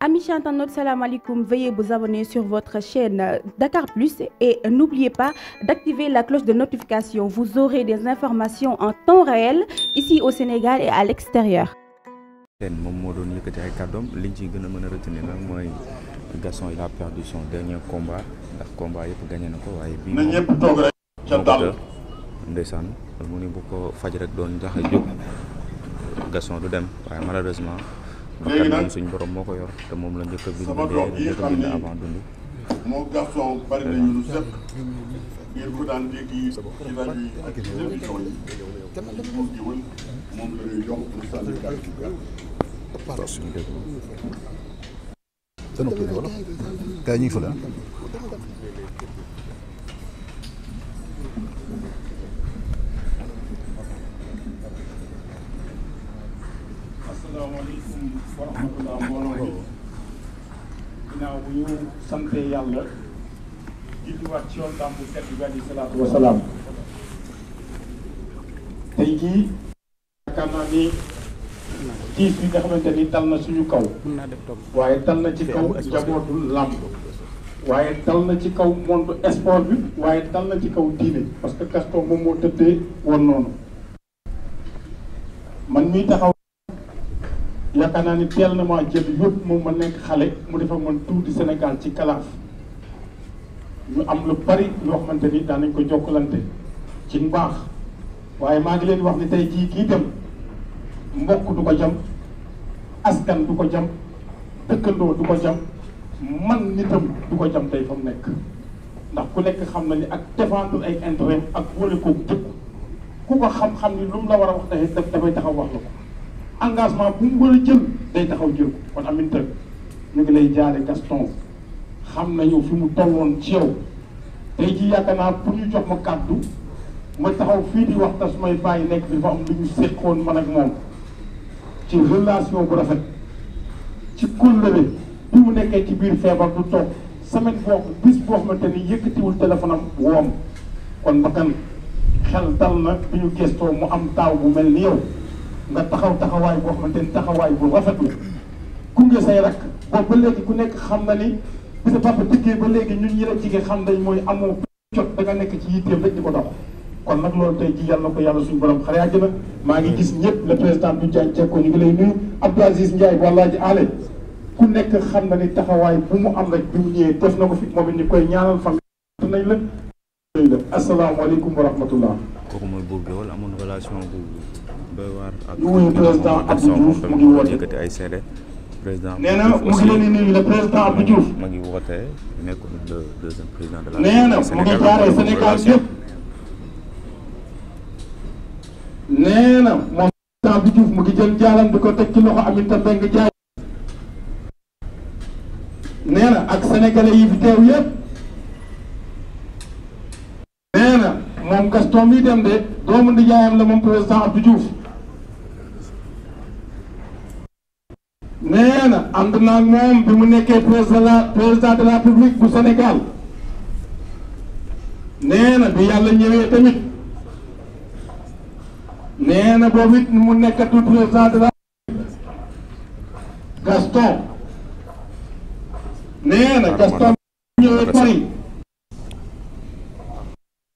Amis chers internautes, salam alaikum. Veuillez vous abonner sur votre chaîne Dakar Plus et n'oubliez pas d'activer la cloche de notification. Vous aurez des informations en temps réel ici au Sénégal et à l'extérieur. moom moo doon yëkkati ay kàddoom liñ ci gën a mën a retenir nag mooy Gaston il a perdu son dernier combat ndax combat yëpp gagné na ko waaye bii moom ñëpp toog rek mu ni bu ko faj rek doon jax jóg Gaston du dem waaye malheureusement léegi nag suñ borom moo ko yor te moom la njëkk a bind sama doom yi avant dund moo garçon bari nañu lu sëq ngeen ko daan dégg yi ci rajo ñuy jox wa rahmatullah mbooloo mi ginnaaw ci yoon bu tedd bi alayhi salaatu wa salaam tey jii yaakaar ni tiis bi nga xamante ni dal na suñu kaw waaye dal na ci kaw njabootul làmb waaye dal na ci kaw monde sport bi waaye tal na ci kaw diine parce que Gaston moom moo tëddee woon noonu man mii taxaw yaakaar naa ni teel na maa jël yëpp moom ma nekk xale mu defa man tour du Sénégal ci kalaaf ñu am lu bari loo xamante ni daan nañ ko jokkalante ci mbaax waaye maa ngi leen wax ni tey jii kii dem mbokk du ko jam askan du ko jam dëkkandoo du ko jam man nitam du ko jam tey fa mu nekk ndax ku nekk xam na ni ak défendre ay intérêt ak wóole koog dëkk ku ko xam-xam ni lu mu la war a wax dafay dafay taxaw wax la ko engagement bu mu war a jël day taxaw jël ko kon Aminta ñu ngi lay jaare Gaston xam nañu fi mu tolloon ci yow tey ji yaakaar naa pour ñu jox ma kàddu ma taxaw fii di wax te su may bàyyi nekk dafa am lu ñu séqoon man ak moom ci relation bu rafet ci kóllëre bi mu nekkee ci biir feebar du toog semaine boo bis boo xamante ni yëkkatiwul téléphone am woom kon bakkan xel dal na bi ñu gëstoo mu am taaw bu mel ni yow nga taxaw taxawaay boo xamante ni taxawaay bu rafet la gunge say rakk boobu ba léegi ku nekk xam na ni bi sa papa ba léegi ñun ñi la jigéen xam nañ mooy amoo jot da nga nekk ci yitteem rek di ko dox kon nag loolu tey ji yàlla na ko yàlla suñu borom xare àjjana maa ngi gis ñëpp le président du Diagne Cekko ñu ngi lay nuyu Abdou Aziz Ndiaye walla ji ale ku nekk xam na ni taxawaay bu mu am rek bi mu ñëwee def na ko fi moom it ñu koy ñaanal fan nañ la asalaamaaleykum wa rahmatullah kooku mooy buur wala amoon relation buur doy waar ak muy président Abdou Diouf mu ngi woote yëkkati ay seede président nee na mu ngi leen di nuyu le président Abdou Diouf mu ngi woote nekkoon le deuxième président de la nee na mu ngi jaaree Sénégal yëpp nee na moom président Abdou Diouf mu ngi jël jaalam di ko teg ci loxo Aminata Mbengue Ndiaye nee na ak sénégalais yi fi teew yëpp nee na moom Gaston bi dem de doomu nijaayam la moom président Abdou Diouf ànd naa moom bi mu nekkee président de la président bu Sénégal nee bi yàlla ñëwee tamit nee na mu nekkatul président de la Gaston nee Gaston bi ñëwee Paris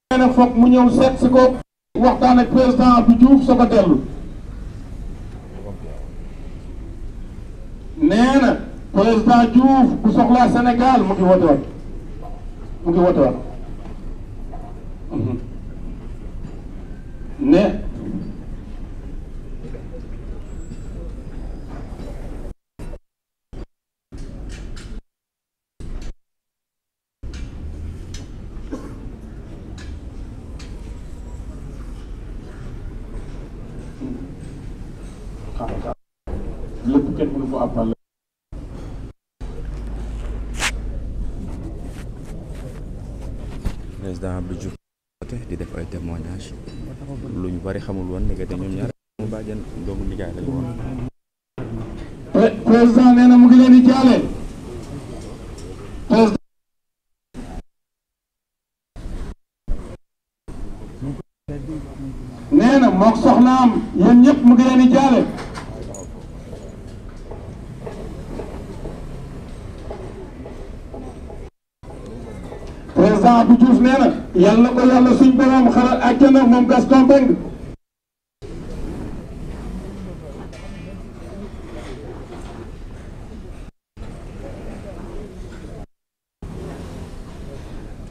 nee na mu ñëw set si ko waxtaan ak président bi Diouf soo ko dellu nee na président Diouf bu soxlaa Sénégal mu ngi woote waat mu ngi mhm. ne président Abdou Diouf di def ay témoignage lu ñu bari xamul woon ne que ñoom ñaar mu bàjjan doomu nijaay lañu woon eh, président nee na mu ngi leen di président Abdou Diouf nee na yàlla ko yàlla suñ borom xaral àjjana moom Gaston Mbengue.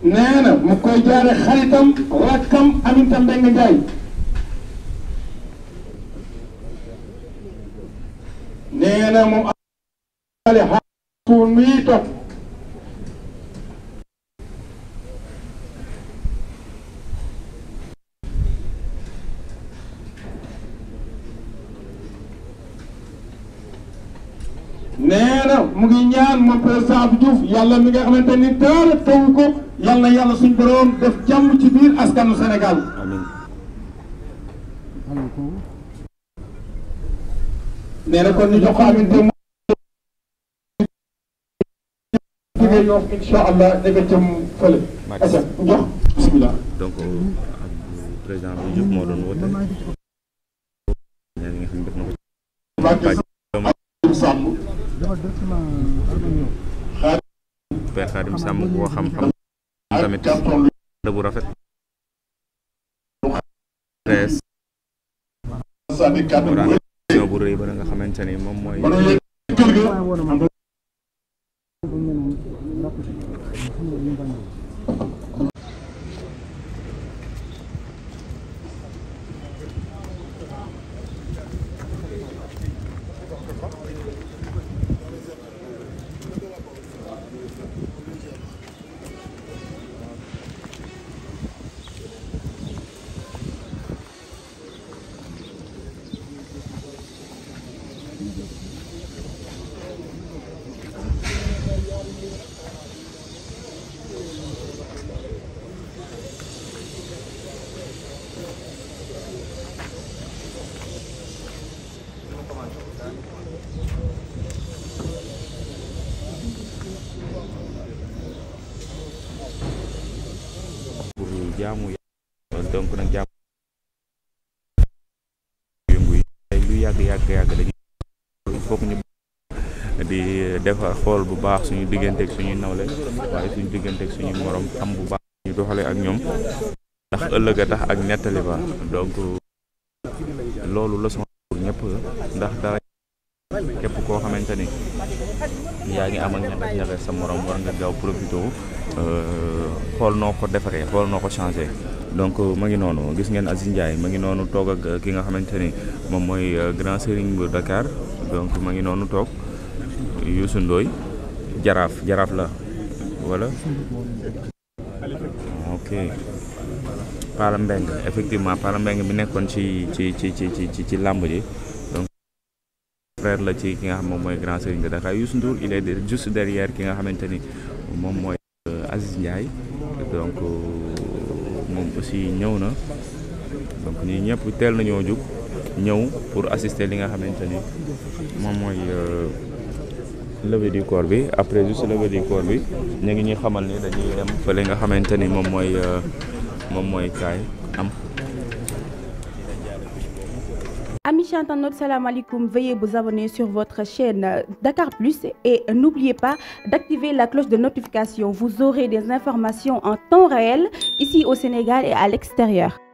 nee na mu koy jaare xaritam rakkam Aminata Mbengue Ndiaye. nee na moom. xale xaalis pour muy topp. nee mu ngi ñaan moom président Abdou Diouf yàlla mi nga xamante ni dara taw ko yàlla na yàlla def jàmm ci biir askanu Sénégal. nee na kon ñu jox ko aminte mu. jigéen dem sàmm koo xam-xam tamit bu rafet rees bu rëy ba nga xamante ni moom mooy jaamu donc nag jaamu yëngu lu yàgg yàgg yàgg dañu foog ñu di def xool bu baax suñu digganteeg suñuy nawle waaye suñu digganteeg suñuy morom xam bu baax ñu doxale ak ñoom ndax ëllëg a tax ak nettali ba donc loolu leçon pour ñëpp ndax dara képp koo xamante ni yaa ngi am ak ñaxas sa morom war nga gaaw profité euh, xool noo ko defaree xool noo ko changé donc ma ngi noonu gis ngeen Aziz Ndiaye ma ngi noonu toog ki nga xamante ni moom mooy euh, grand serigne bu Dakar donc ma ngi noonu toog Youssou ndooy jaraaf jaraaf la wala ok Pala Mbengue effectivement Pala mbeng bi nekkoon ci ci ci ci ci ci làmb ji donc frère la ci ki nga xam moom mooy grand serigne de Dakar Youssou Ndour il est juste derrière ki nga xamante ni moom mooy euh, Aziz Ndiaye donc euh, moom aussi ñëw na donc ñii ñëpp teel nañoo jóg ñëw pour assister li nga xamante ni moom mooy euh, levée du corps bi après juste levée du corps bi ñu ngi ñuy xamal ni dañuy dem fële nga xamante ni moom mooy euh, moom mooy kaay am. Amis chers internautes, salam alaikum. Veuillez vous abonner sur votre chaîne euh, Dakar Plus et n'oubliez pas d'activer la cloche de notification. Vous aurez des informations en temps réel ici au Sénégal et à l'extérieur.